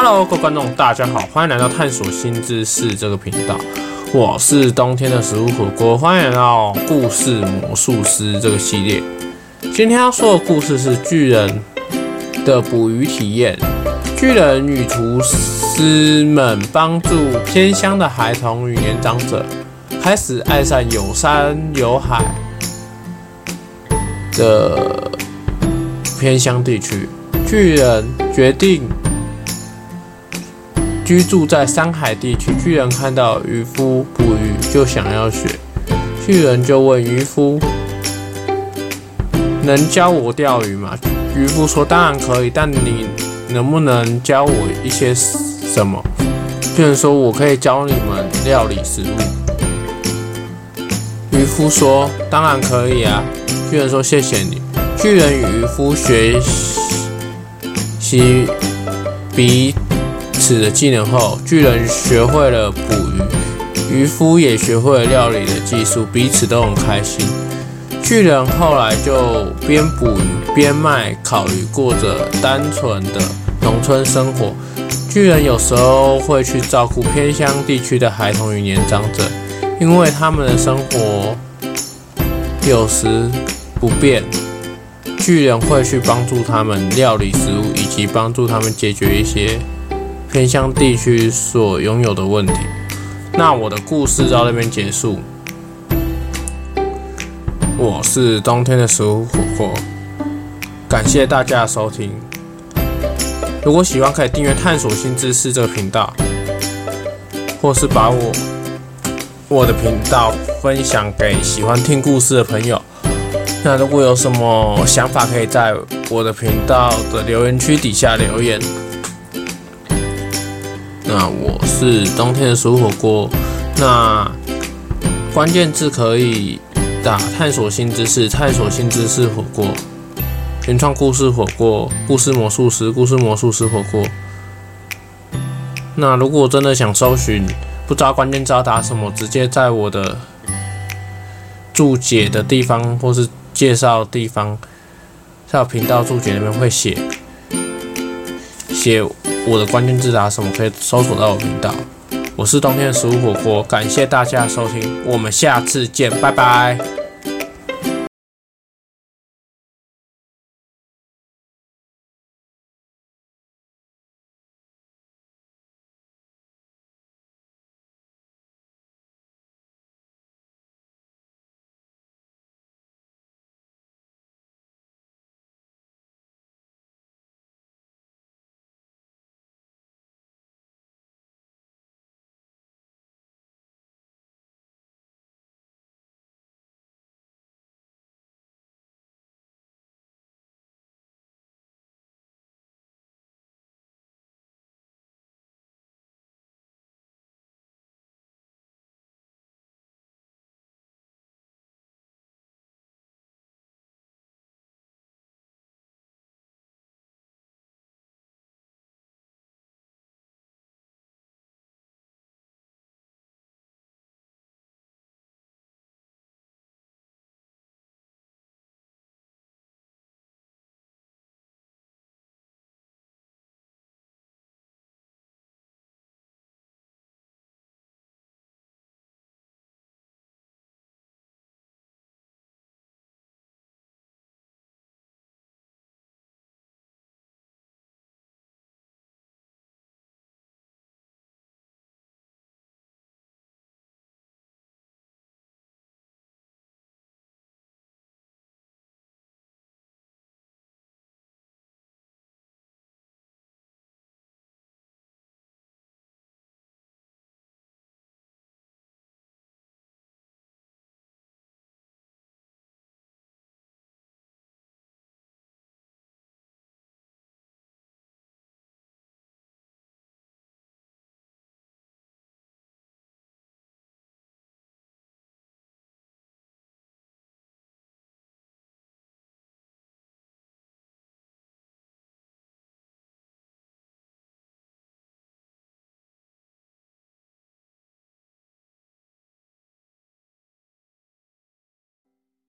Hello，各位觀眾，大家好，歡迎來到探索新知識這個頻道。我是冬天的食物火鍋，歡迎來到故事魔術師這個系列。今天要說的故事是巨人的捕魚體驗。巨人與廚師們幫助偏鄉的孩童與年長者，開始愛上有山有海的偏鄉地區。巨人決定。居住在山海地區，巨人看到漁夫捕魚，就想要學。巨人就問漁夫：“能教我釣魚嗎？”漁夫說：“當然可以，但你能不能教我一些什麼？”巨人說：“我可以教你們料理食物。”漁夫說：“當然可以啊。”巨人說：“謝謝你。”巨人與漁夫學習比。彼此的技能後，巨人學會了捕魚，漁夫也學會了料理的技術，彼此都很開心。巨人後來就邊捕魚邊賣烤魚，過着單純的農村生活。巨人有時候會去照顧偏鄉地區的孩童與年長者，因為他們的生活有時不便，巨人會去幫助他們料理食物，以及幫助他們解決一些。偏鄉地區所擁有的問題。那我的故事到這邊結束。我是冬天的食物火鍋，感謝大家的收聽。如果喜歡，可以訂閱“探索新知識”這個頻道，或是把我我的頻道分享給喜歡聽故事的朋友。那如果有什麼想法，可以在我的頻道的留言區底下留言。那我是冬天的食物火鍋，那關鍵字可以打探索新知識、探索新知識火鍋、原創故事火鍋、故事魔術師、故事魔術師火鍋。那如果真的想搜尋，不知道關鍵字要打什麼，直接在我的注解的地方或是介紹地方，在頻道注解裡面會寫寫。我的關鍵字打什麼可以搜索到我頻道？我是冬天的食物火鍋，感謝大家的收聽，我們下次見，拜拜。